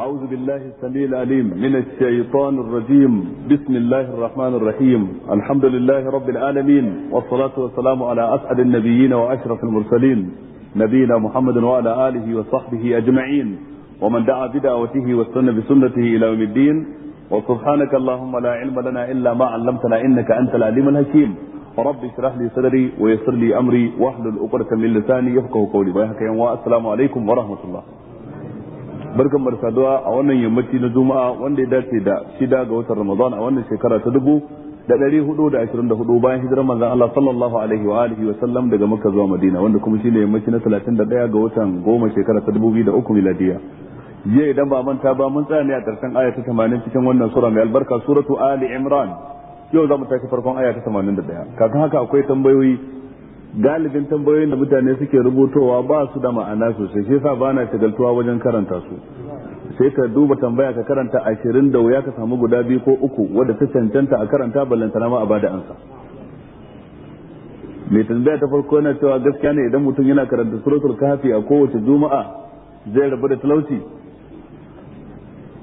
أعوذ بالله السميع العليم من الشيطان الرجيم بسم الله الرحمن الرحيم الحمد لله رب العالمين والصلاة والسلام على أسعد النبيين وأشرف المرسلين نبينا محمد وعلى آله وصحبه أجمعين ومن دعا بدعوته واستنى بسنته إلى يوم الدين وسبحانك اللهم لا علم لنا إلا ما علمتنا إنك أنت العليم الحكيم رب اشرح لي صدري ويسر لي أمري واحلل عقدة من لساني يفقه قولي السلام عليكم ورحمة الله barkan mu saduwa a wannan yammaci na juma'a wanda ya dace da shida ga watan ramadan a wannan shekara ta dubu da ɗari hudu da ashirin da hudu bayan hijirar manzon Allah sallallahu alaihi wa alihi wa sallam daga makka zuwa madina wanda kuma shine yammaci na talatin da ɗaya ga watan goma shekara ta dubu biyu da uku miladiya jiya idan ba manta ba mun tsaya ne a ƙarshen aya ta tamanin cikin wannan sura mai albarka suratu ali imran yau za mu tashi farkon aya ta tamanin da ɗaya kafin haka akwai tambayoyi galibin tambayoyin da mutane suke rubutowa ba su da ma'ana sosai shi yasa ba na shagaltuwa wajen karanta su sai ka duba tambaya ka karanta ashirin da wuya ka samu guda biyu ko uku wadda ta cancanta a karanta ballantana ma a bada ansa mai tambaya ta farko yana cewa gaskiya ne idan mutum yana karanta suratul kafi a kowace juma'a zai rabu da talauci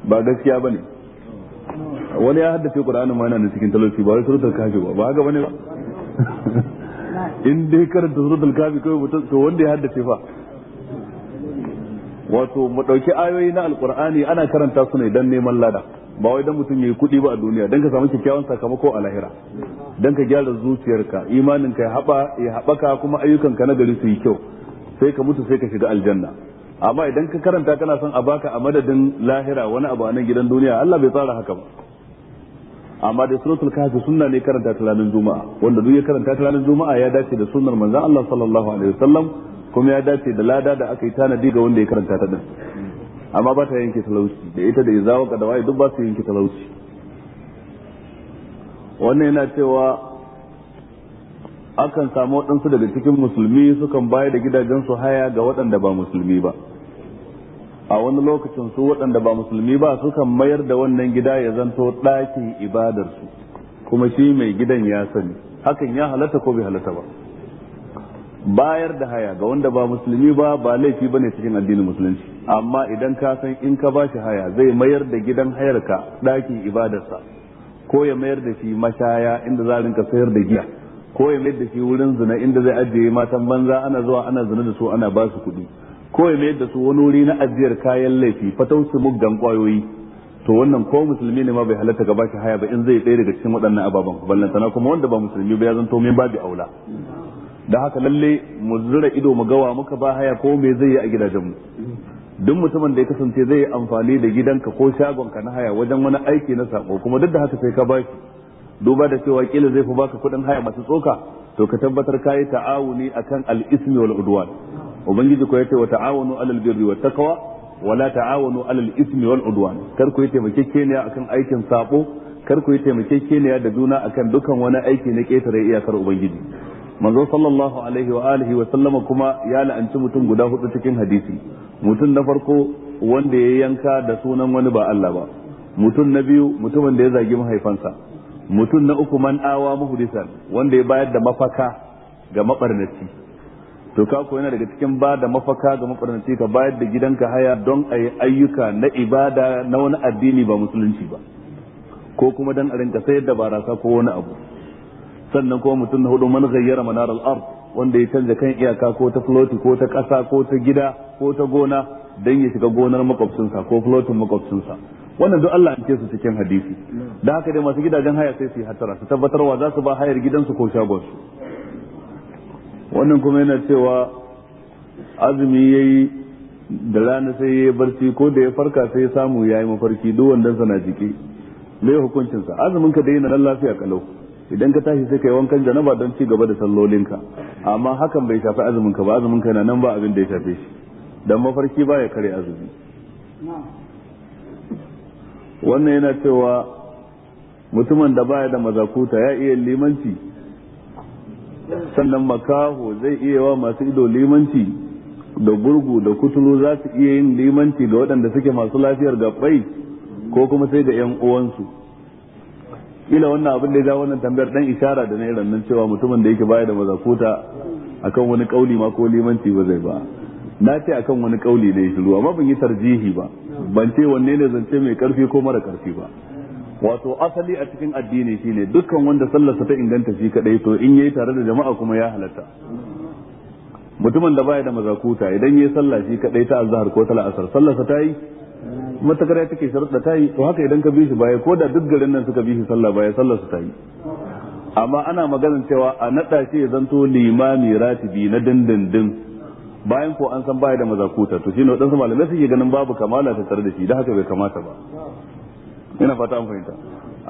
ba gaskiya bane wani ya haddace qur'ani ma yana cikin talauci ba wai suratul kafi ba ba haka bane ba in dai karanta suratul kafi kawai mutum to wanda ya haddace fa wato mu dauki ayoyi na alqur'ani ana karanta su ne dan neman lada ba wai dan mutum yayi kuɗi ba a duniya dan ka samu kyakkyawan sakamako a lahira dan ka gyara zuciyarka imanin ka ya haba ya habaka kuma ayyukan ka na gari su yi kyau sai ka mutu sai ka shiga aljanna amma idan ka karanta kana son a baka a madadin lahira wani abu a nan gidan duniya Allah bai tsara haka ba amma da suratul kahfi sunna ne karanta ta ranar juma'a wanda duk ya karanta ta ranar juma'a ya dace da sunnar manzon Allah sallallahu alaihi wasallam kuma ya dace da lada da aka yi tanadi ga wanda ya karanta ta din amma ba ta yanke talauci da ita da izawa ga dawai duk ba su yanke talauci wannan yana cewa akan samu waɗansu daga cikin musulmi sukan bayar da gidajen su haya ga waɗanda ba musulmi ba a wani lokacin su waɗanda ba musulmi ba sukan mayar da wannan gida ya zanto ɗakin ibadarsu kuma shi mai gidan ya sani hakan ya halatta ko bai halatta ba bayar da haya ga wanda ba musulmi ba ba laifi bane cikin addinin musulunci amma idan ka san in ka bashi haya zai mayar da gidan hayarka ɗakin ibadarsa ko ya mayar da shi mashaya inda za rinka sayar da giya ko ya mayar da shi wurin zina inda zai ajiye matan banza ana zuwa ana zina da su ana ba su kuɗi ko ya mayar da su wani wuri na ajiyar kayan laifi fatausu su muggan kwayoyi to wannan ko musulmi ne ma bai halatta gaba shi haya ba in zai tsaye daga cikin waɗannan ababen ballantana kuma wanda ba musulmi ba ya zanto mai babu aula da haka lalle mu zura ido mu gawa muka ba haya ko me zai yi a gidajenmu duk mutumin da ya kasance zai yi amfani da gidanka ko shagonka na haya wajen wani aiki na sako kuma duk da haka sai ka bashi duba da cewa kila zai fi baka kuɗin haya masu tsoka to ka tabbatar ka yi ta'awuni akan al-ismi wal udwan ubangiji ko yace wa ta'awanu alal birri wat taqwa wa la ta'awanu alal ismi wal udwan kar ku yi taimakekeniya akan aikin sabo kar ku yi taimakekeniya da juna akan dukan wani aiki na ketare iyakar ubangiji manzo sallallahu alaihi wa alihi wa sallama kuma ya la'anci mutum guda hudu cikin hadisi mutum na farko wanda ya yanka da sunan wani ba Allah ba mutum na biyu mutumin da ya zagi mahaifansa mutum na uku man awa muhdisan wanda ya bayar da mafaka ga mabarnaci to ka koyi daga cikin ba da mafaka ga mafarnaci ka bayar da gidanka haya don a yi ayyuka na ibada na wani addini ba musulunci ba ko kuma don a rinka sayar da barasa ko wani abu sannan kuma mutum na hudu man gayyara manar al'ar wanda ya canza kan iyaka ko ta floti ko ta ƙasa ko ta gida ko ta gona don ya shiga gonar makwabcinsa ko flotin makwabcinsa wannan duk Allah ce su cikin hadisi da haka dai masu gidajen haya sai su yi hatara su tabbatarwa za su ba hayar gidansu ko shagonsu wannan kuma yana cewa azumi ya yi da rana sai ya yi barci ko da ya farka sai ya samu ya yi mafarki duk wandan na jiki mai hukuncinsa azumin ka dai yana dan lafiya kalau idan ka tashi sai ka yi wankan janaba don ci gaba da sallolinka amma hakan bai shafi azumin ka ba azumin ka yana nan ba abin da ya shafe shi dan mafarki baya kare azumi wannan yana cewa mutumin da baya da mazakuta ya iya limanci sannan makaho zai iya wa masu ido limanci da gurgu da kuturu za su iya yin limanci ga waɗanda suke masu lafiyar gabbai ko kuma sai ga 'yan uwansu ila wannan abin da ya ja wannan tambayar dan ishara da na irin nan cewa mutumin da yake baya da mazakuta akan wani kauli ma ko limanci ba zai ba na ce akan wani kauli ne shiru amma ban yi tarjihi ba ban ce wanne ne zance mai karfi ko mara karfi ba wato asali a cikin addini shine dukkan wanda sallarsa ta inganta shi kadai to in yayi tare da jama'a kuma ya halatta mutumin da baya da mazakuta idan yayi sallah shi kadai ta azhar ko ta asar sallarsa ta yi matakar ya take sharuɗa ta yi to haka idan ka bi shi baya ko da duk garin nan suka bi shi sallah baya sallarsa ta yi amma ana maganar cewa a naɗa shi ya zanto limami ratibi na dindindin bayan ko an san baya da mazakuta to shine waɗansu malamai suke ganin babu kamala ta tare da shi da haka bai kamata ba ina fata an fahimta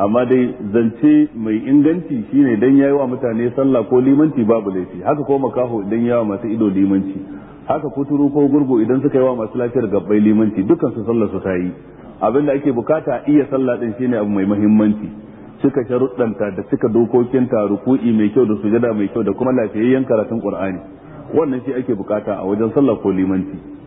amma dai zance mai inganci shine dan yayi wa mutane sallah ko limanci babu laifi haka ko makaho idan yawa masu ido limanci haka kuturu ko gurgu idan suka yi wa masu lafiyar gabbai limanci dukkan su sallar su ta yi abin da ake bukata iya sallah din shine abu mai muhimmanci cika sharuɗanta da cika ta ruku'i mai kyau da sujada mai kyau da kuma lafiyayyen karatun qur'ani wannan shi ake bukata a wajen sallah ko limanci